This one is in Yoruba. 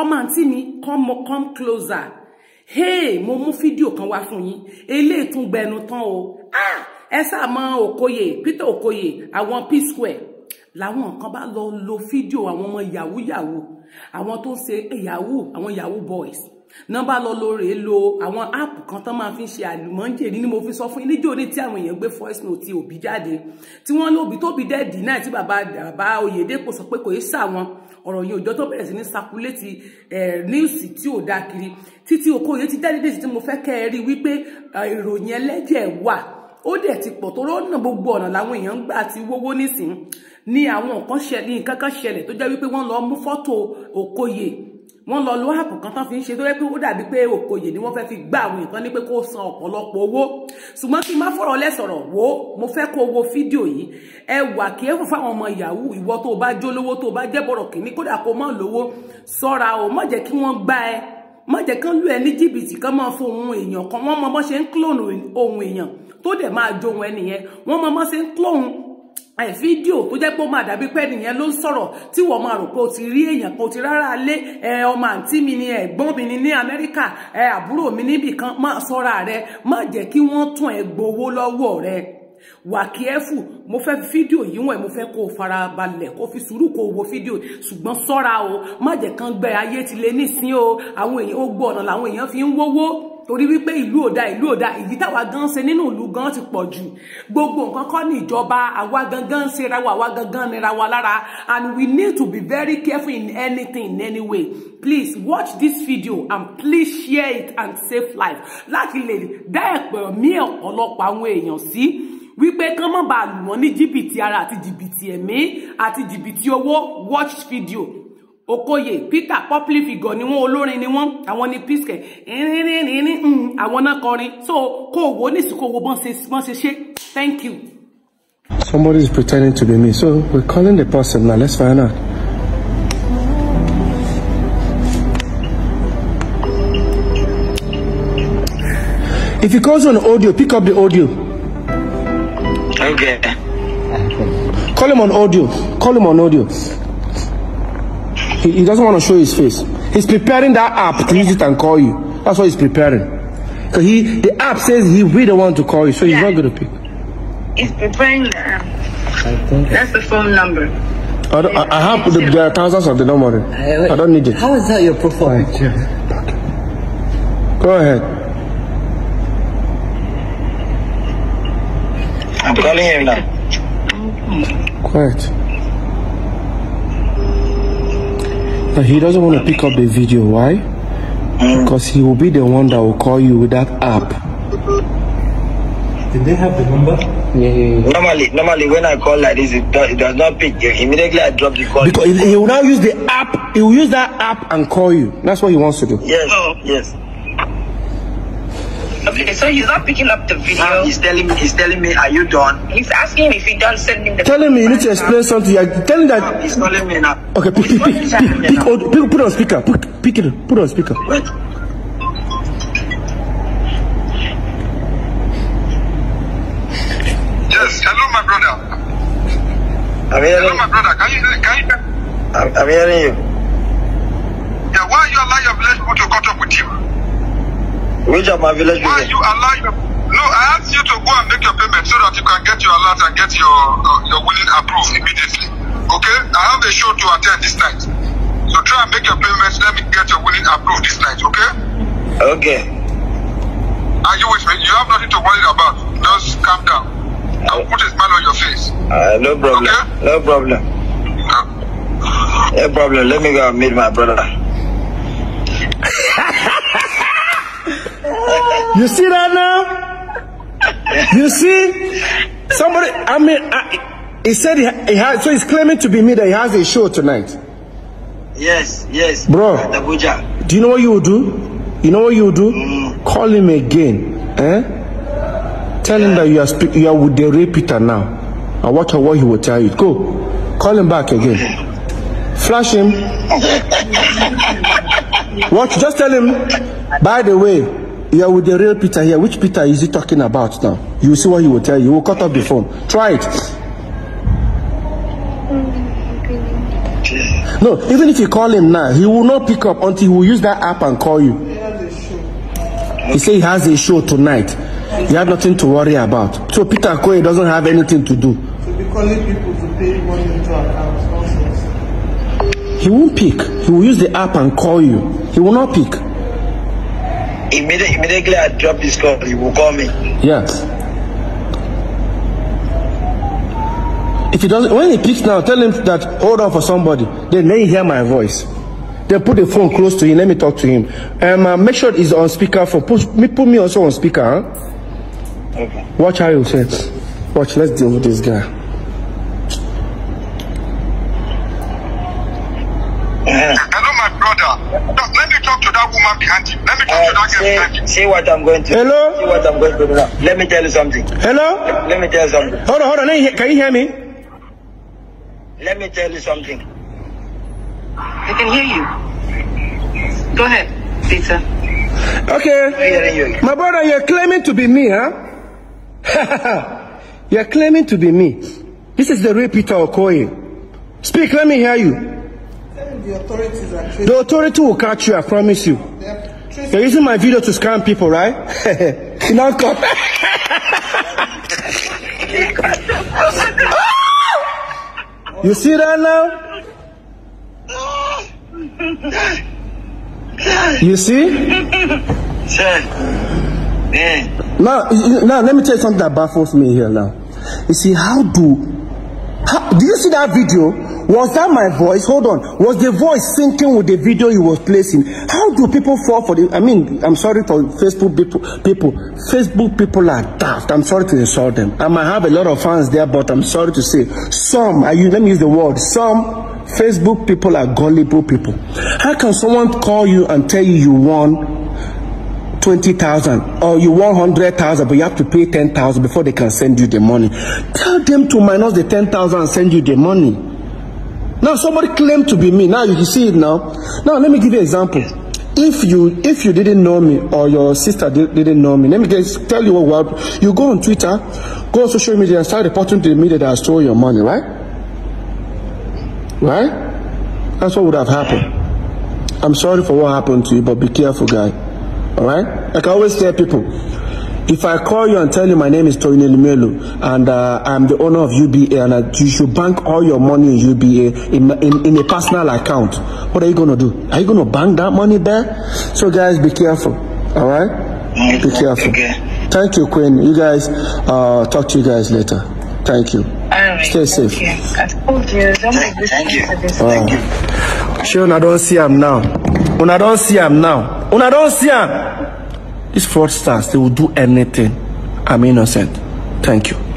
ọmọ àǹtí mi come come closer hey mo mú fídíò kan wá fún yín eléyìí tún gbẹnu tán o ah ẹ sáà mọ Okoye Peter Okoye àwọn P square làwọn kan bá lọ lo fídíò àwọn ọmọ yahoo yahoo àwọn tó ń ṣe yahoo àwọn yahoo boys nọ́mbà lọ lóore lo àwọn app. kan tán máa fi ṣe àlùmọ́ǹjèrè ni mo fi sọ fún yín níjó ní tí àwọn èèyàn gbé voice note ti òbí jáde tí wọ́n lóbi tóbi dẹ́ẹ̀dì náà tí bàbá bàbá Oyèdèpọ̀ sọ pé kò í sà wọn ọ̀rọ̀ yẹn òjò tó bẹ̀rẹ̀ sí ní sakuléètì eh, níwùsì tí ò dáa kiri títí Okoye ti dádídé sí tí mo fẹ́ kẹ́ ẹ rí wípé eh, ìròyìn ẹlẹ́jẹ̀ wà ó dẹ̀ ti pọ̀ tó rọ́nà gbogbo ọ̀nà làwọn èèyàn ń gbà ti wówó nísìn ní àwọn nǹkan ṣẹlẹ̀ nǹkan kan ṣẹlẹ̀ tó jẹ́ wípé wọ́n lọ mú fọ́tò Okoye wọ́n lọ lo app kan tán fi ń ṣe tó yẹ pé ó dàbí pé òkòyè ni wọ́n fẹ́ fi gbá àwọn nǹkan ní pé kó san ọ̀pọ̀lọpọ̀ owó ṣùgbọ́n kí n má fọ̀rọ̀ lẹ́sọ̀rọ̀ wo mo fẹ́ kó wo fídíò yìí ẹ wà kí ẹ fún fáwọn ọmọ yahoo ìwọ tó bá jó lówó tó bá jẹ́ bọ̀rọ̀ kìíní kódà kó mọ̀ lówó sọ́ra o má jẹ́ kí wọ́n gbá ẹ má jẹ́ kán lù ẹ ní jìbìtì kán máa fún ohun èèyàn kan wọ́n mọ bọ́ ṣe ń clone ohun èèyàn tó dẹ̀ máa jó ohun ẹnìyẹn wọ́n mọ bọ́ ṣe ń clone ẹ fídíò tó jẹ́ pé ó máa dàbí pé nìyẹn ló ń sọ̀rọ̀ tí wọ́n máa rò pé o ti rí èèyàn kan o ti rárá lé ẹ ọmọ àǹtí mi ni ẹ̀gbọ́n mi ni ní Amẹ́ríkà ẹ àbúrò mi níbì kan sọ́ra rẹ má jẹ́ kí wọ́n tún ẹ gbowó lọ́wọ́ rẹ wà kíẹ́fù mo fẹ́ fídíò yìí wọ̀n mo fẹ́ kó o fara balẹ̀ kó fi sùúrù kó o wo fídíò ṣùgbọ́n sọ́ra o má jẹ́ kán gbẹ ayé ti lé nísìn o àwọn èèyàn ó gbọ́ ọ̀nà làwọn èèyàn fi ń wówó torí wípé ìlú òdà ìlú òdà èyí táwa gan ṣe nínú ìlú gan ti pọ̀ jù gbogbo nǹkan kọ́ ní ìjọba àwa gangan ṣe ra wa àwa gangan nira wa lára and we need to be very careful in anything in any way please watch this video and please share it and save life láti lè dá ẹ̀pẹ̀ mí ọ̀pọ̀lọpọ̀ àwọn èèyàn sí wípé kán má bàa lù wọ́n ní jìbìtì ara àti jìbìtì ẹ̀mí àti jìbìtì owó watch video okoye peter popular figure ni wọn olórin ni wọn àwọn ni piskẹ ìrìnrìnrìn mm, àwọn náà kọrin so kò wo nísìkò wo bọ́n ṣe ṣe thank you. somebody is pretending to be me so we're calling the person now let's find out. If it calls on audio, pick up the audio. Okay. Call him on audio. Call him on audio. He, he doesn't want to show his face. He's preparing that app to use it and call you. That's what he's preparing. Because he, the app says he really want to call you, so he's yeah. not going to pick. He's preparing the app. That's the phone number. I, don't, I, I have the, there are thousands of the number. I, I don't need it. How is that your profile picture? Go ahead. I'm calling him now. Quiet. But he doesn't want to pick up the video. Why? Um, because he will be the one that will call you with that app. Did they have the number? Yeah, yeah, yeah. Normally, normally when I call like this, it does, it does not pick. Immediately I drop the call. Because he will now use the app. He will use that app and call you. That's what he wants to do. Yes. Yes. Okay, so he's not picking up the video. Now he's telling me. He's telling me, "Are you done?" He's asking if he done sending the. Telling me you need to explain something. You're telling that. he's calling me now. Okay, pick, pick, pick, pick, pick, put on speaker. pick it. Put on speaker. Wait. Yes. Hello, my brother. I'm hearing. Hello, my brother. Can you can you? I'm, I'm hearing you. Yeah. Why you allow your village people to cut up with you? Which of my village Why you allow your... No, I asked you to go and make your payment so that you can get your alert and get your uh, your willing approved immediately. Okay? I have a show to attend this night. So try and make your payments. Let me get your willing approved this night, okay? Okay. Are you with me? You have nothing to worry about. Just calm down. I will put a smile on your face. Uh, no problem. Okay? No problem. Uh, no problem. Let me go and meet my brother. You see that now? You see? Somebody, I mean, I, he said he, he has, so he's claiming to be me that he has a show tonight. Yes, yes. Bro, Abuja. do you know what you will do? You know what you will do? Mm. Call him again. Eh? Tell yeah. him that you are, speak, you are with the repeater now. And watch what he will tell you. Go. Call him back again. Flash him. Watch, just tell him, by the way, you are with the real Peter here. Which Peter is he talking about now? You see what he will tell you. He will cut off the phone. Try it. No, even if you call him now, he will not pick up until he will use that app and call you. He say he has a show tonight. You have nothing to worry about. So Peter Koye doesn't have anything to do. To be calling people to pay money into accounts, He won't pick. He will use the app and call you. He will not pick. Immediately, immediately I drop this call, He will call me. Yes. If he doesn't, when he picks now, tell him that hold on for somebody. Then may hear my voice. Then put the phone close to him. Let me talk to him. Um, uh, make sure he's on speaker. For put me, put me also on speaker. Huh? Okay. Watch how you sense. Watch. Let's deal with this guy. Hello, my brother. man behind him. Let me tell uh, you that say, girl behind him. See what I'm going to Hello? See what I'm going to do now. Let me tell you something. Hello? Let, let me tell you something. Hold on, hold on. Can you hear me? Let me tell you something. I can hear you. Go ahead, Peter. Okay. My brother, you're claiming to be me, huh? you're claiming to be me. This is the real Peter Okoye. Speak, let me hear you. The authorities are tracing. The authority will catch you, I promise you. You're using my video to scam people, right? you now come. you see that now? You see? Now, now let me tell you something that baffles me here now. You see, how do how, do you see that video? Was that my voice? Hold on. Was the voice syncing with the video you were placing? How do people fall for the? I mean, I'm sorry for Facebook people. People, Facebook people are daft. I'm sorry to insult them. I might have a lot of fans there, but I'm sorry to say, some. Are you? Let me use the word. Some Facebook people are gullible people. How can someone call you and tell you you won? twenty thousand or you won hundred thousand, but you have to pay ten thousand before they can send you the money. Tell them to minus the ten thousand and send you the money. Now somebody claimed to be me. Now you see it now. Now let me give you an example. If you if you didn't know me or your sister did, didn't know me, let me just tell you what happened. You go on Twitter, go on social media and start reporting to the media that I stole your money, right? Right? That's what would have happened. I'm sorry for what happened to you, but be careful, guy. All right? Like I always tell people, If I call you and tell you my name is Toyin Elimelu and uh, I'm the owner of UBA and uh, you should bank all your money in UBA in, in, in a personal account, what are you gonna do? Are you gonna bank that money there? So guys, be careful. All right? be careful. Thank you, Queen. You guys, uh, talk to you guys later. Thank you. Right, Stay thank safe. You. You. Thank you. Thank you. Sure, I don't see him now. When I don't see him now. When I don't see him. These fraudsters, they will do anything. I'm innocent. Thank you.